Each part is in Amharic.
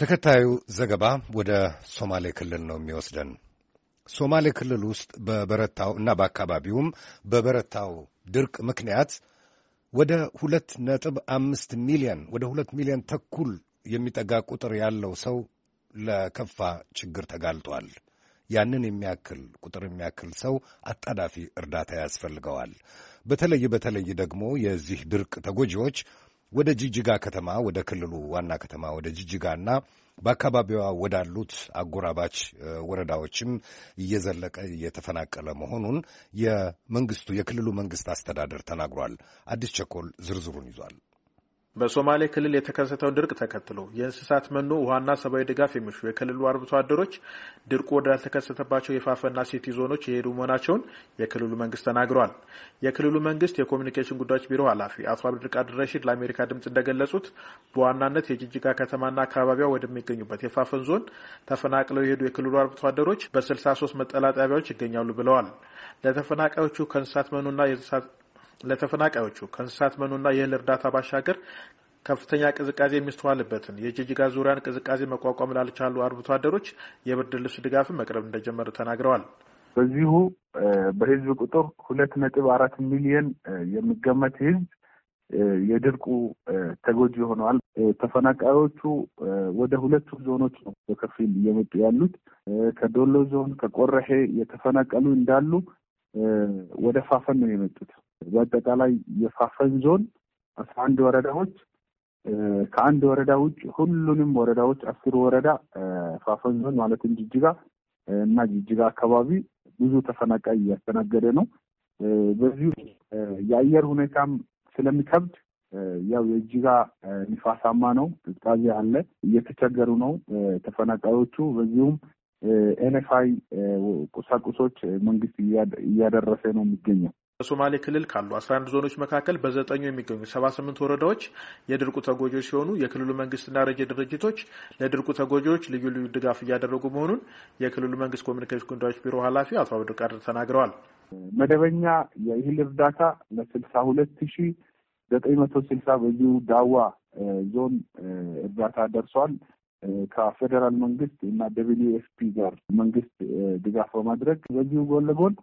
ተከታዩ ዘገባ ወደ ሶማሌ ክልል ነው የሚወስደን። ሶማሌ ክልል ውስጥ በበረታው እና በአካባቢውም በበረታው ድርቅ ምክንያት ወደ ሁለት ነጥብ አምስት ሚሊዮን ወደ ሁለት ሚሊዮን ተኩል የሚጠጋ ቁጥር ያለው ሰው ለከፋ ችግር ተጋልጧል። ያንን የሚያክል ቁጥር የሚያክል ሰው አጣዳፊ እርዳታ ያስፈልገዋል። በተለይ በተለይ ደግሞ የዚህ ድርቅ ተጎጂዎች ወደ ጂጂጋ ከተማ ወደ ክልሉ ዋና ከተማ ወደ ጂጂጋና በአካባቢዋ ወዳሉት አጎራባች ወረዳዎችም እየዘለቀ እየተፈናቀለ መሆኑን የመንግስቱ የክልሉ መንግስት አስተዳደር ተናግሯል። አዲስ ቸኮል ዝርዝሩን ይዟል። በሶማሌ ክልል የተከሰተውን ድርቅ ተከትሎ የእንስሳት መኖ ውሃና ሰብአዊ ድጋፍ የሚሹ የክልሉ አርብቶ አደሮች ድርቁ ወዳልተከሰተባቸው የፋፈና ሲቲ ዞኖች የሄዱ መሆናቸውን የክልሉ መንግስት ተናግረዋል። የክልሉ መንግስት የኮሚኒኬሽን ጉዳዮች ቢሮ ኃላፊ አቶ አብዱልቃድር ረሺድ ለአሜሪካ ድምጽ እንደገለጹት በዋናነት የጅጅጋ ከተማና አካባቢዋ ወደሚገኙበት የፋፈን ዞን ተፈናቅለው የሄዱ የክልሉ አርብቶ አደሮች በ63 መጠላ ጣቢያዎች ይገኛሉ ብለዋል። ለተፈናቃዮቹ ከእንስሳት መኖና የእንስሳት ለተፈናቃዮቹ ከእንስሳት መኖና የእህል እርዳታ ባሻገር ከፍተኛ ቅዝቃዜ የሚስተዋልበትን የጅጅጋ ዙሪያን ቅዝቃዜ መቋቋም ላልቻሉ አርብቶ አደሮች የብርድ ልብስ ድጋፍን መቅረብ እንደጀመሩ ተናግረዋል። በዚሁ በህዝብ ቁጥር ሁለት ነጥብ አራት ሚሊዮን የሚገመት ህዝብ የድርቁ ተጎጂ ሆነዋል። ተፈናቃዮቹ ወደ ሁለቱ ዞኖች ነው በከፊል እየመጡ ያሉት። ከዶሎ ዞን ከቆረሄ የተፈናቀሉ እንዳሉ ወደ ፋፈን ነው የመጡት። በአጠቃላይ የፋፈን ዞን አስራ አንድ ወረዳዎች ከአንድ ወረዳ ውጭ ሁሉንም ወረዳዎች አስር ወረዳ ፋፈን ዞን ማለትም ጅጅጋ እና ጅጅጋ አካባቢ ብዙ ተፈናቃይ እያስተናገደ ነው። በዚሁ የአየር ሁኔታም ስለሚከብድ ያው የእጅጋ ንፋሳማ ነው፣ ቅዝቃዜ አለ። እየተቸገሩ ነው ተፈናቃዮቹ። በዚሁም ኤንኤፍአይ ቁሳቁሶች መንግስት እያደረሰ ነው የሚገኘው። በሶማሌ ክልል ካሉ 11 ዞኖች መካከል በዘጠኙ የሚገኙ 78 ወረዳዎች የድርቁ ተጎጂዎች ሲሆኑ የክልሉ መንግስትና ረጅ ድርጅቶች ለድርቁ ተጎጂዎች ልዩ ልዩ ድጋፍ እያደረጉ መሆኑን የክልሉ መንግስት ኮሚኒኬሽን ጉዳዮች ቢሮ ኃላፊ አቶ አብዱ ቃድር ተናግረዋል። መደበኛ የእህል እርዳታ ለስልሳ ሁለት ሺ ዘጠኝ መቶ ስልሳ በዚሁ ዳዋ ዞን እርዳታ ደርሷል። ከፌዴራል መንግስት እና ደብሊዩ ኤፍፒ ጋር መንግስት ድጋፍ በማድረግ በዚሁ ጎን ለጎን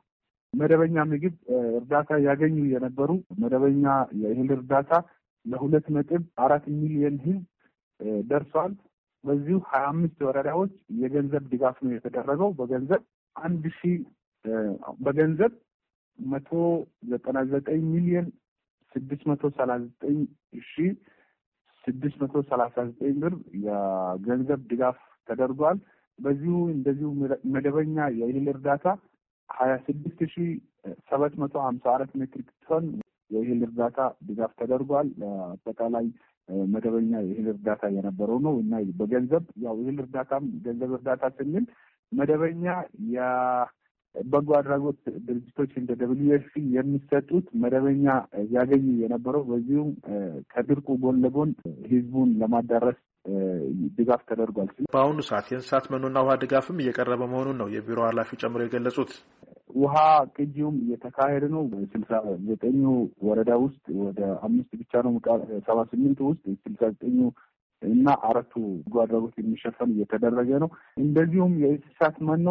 መደበኛ ምግብ እርዳታ ያገኙ የነበሩ መደበኛ የእህል እርዳታ ለሁለት ነጥብ አራት ሚሊዮን ህዝብ ደርሷል። በዚሁ ሀያ አምስት ወረዳዎች የገንዘብ ድጋፍ ነው የተደረገው። በገንዘብ አንድ ሺ በገንዘብ መቶ ዘጠና ዘጠኝ ሚሊዮን ስድስት መቶ ሰላሳ ዘጠኝ ሺ ስድስት መቶ ሰላሳ ዘጠኝ ብር የገንዘብ ድጋፍ ተደርጓል። በዚሁ እንደዚሁ መደበኛ የእህል እርዳታ ሀያ ስድስት ሺ ሰባት መቶ ሀምሳ አራት ሜትሪክ ቶን የእህል እርዳታ ድጋፍ ተደርጓል። አጠቃላይ መደበኛ የእህል እርዳታ የነበረው ነው እና በገንዘብ ያው እህል እርዳታም ገንዘብ እርዳታ ስንል መደበኛ የበጎ አድራጎት ድርጅቶች እንደ ደብሊዩ ኤፍ ፒ የሚሰጡት መደበኛ ያገኙ የነበረው በዚሁም ከድርቁ ጎን ለጎን ህዝቡን ለማዳረስ ድጋፍ ተደርጓል። በአሁኑ ሰዓት የእንስሳት መኖና ውሃ ድጋፍም እየቀረበ መሆኑን ነው የቢሮ ኃላፊው ጨምሮ የገለጹት። ውሃ ቅጂውም እየተካሄደ ነው። ስልሳ ዘጠኙ ወረዳ ውስጥ ወደ አምስት ብቻ ነው ሰባ ስምንቱ ውስጥ ስልሳ ዘጠኙ እና አራቱ በጎ አድራጎት የሚሸፈን እየተደረገ ነው። እንደዚሁም የእንስሳት መኖ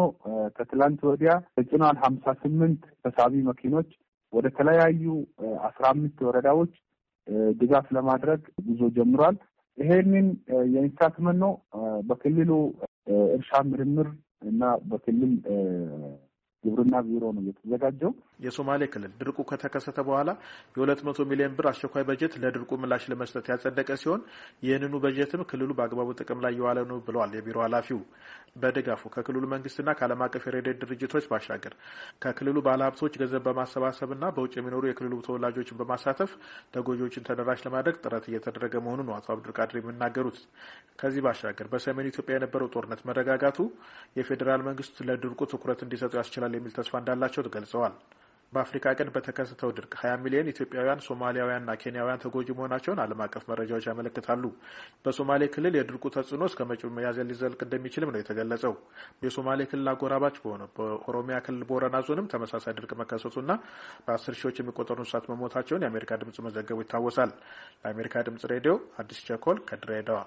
ከትላንት ወዲያ ተጭኗል። ሀምሳ ስምንት ተሳቢ መኪኖች ወደ ተለያዩ አስራ አምስት ወረዳዎች ድጋፍ ለማድረግ ጉዞ ጀምሯል። ይሄንን የእንስሳት መኖ በክልሉ እርሻ ምርምር እና በክልል ግብርና ቢሮ ነው እየተዘጋጀው። የሶማሌ ክልል ድርቁ ከተከሰተ በኋላ የሁለት መቶ ሚሊዮን ብር አስቸኳይ በጀት ለድርቁ ምላሽ ለመስጠት ያጸደቀ ሲሆን ይህንኑ በጀትም ክልሉ በአግባቡ ጥቅም ላይ የዋለ ነው ብለዋል የቢሮ ኃላፊው። በድጋፉ ከክልሉ መንግስትና ከዓለም አቀፍ የረድኤት ድርጅቶች ባሻገር ከክልሉ ባለሀብቶች ገንዘብ በማሰባሰብና በውጭ የሚኖሩ የክልሉ ተወላጆችን በማሳተፍ ተጎጂዎችን ተደራሽ ለማድረግ ጥረት እየተደረገ መሆኑ ነው አቶ አብዱልቃድር የሚናገሩት። ከዚህ ባሻገር በሰሜን ኢትዮጵያ የነበረው ጦርነት መረጋጋቱ የፌዴራል መንግስት ለድርቁ ትኩረት እንዲሰጡ ያስችላል የሚል ተስፋ እንዳላቸው ገልጸዋል። በአፍሪካ ቀንድ በተከሰተው ድርቅ 20 ሚሊዮን ኢትዮጵያውያን ሶማሊያውያንና ኬንያውያን ተጎጂ መሆናቸውን ዓለም አቀፍ መረጃዎች ያመለክታሉ። በሶማሌ ክልል የድርቁ ተጽዕኖ እስከ መጪው ሚያዝያ ሊዘልቅ እንደሚችልም ነው የተገለጸው። የሶማሌ ክልል አጎራባች በሆነ በኦሮሚያ ክልል ቦረና ዞንም ተመሳሳይ ድርቅ መከሰቱና በአስር ሺዎች የሚቆጠሩ እንስሳት መሞታቸውን የአሜሪካ ድምጽ መዘገቡ ይታወሳል። ለአሜሪካ ድምጽ ሬዲዮ አዲስ ቸኮል ከድሬዳዋ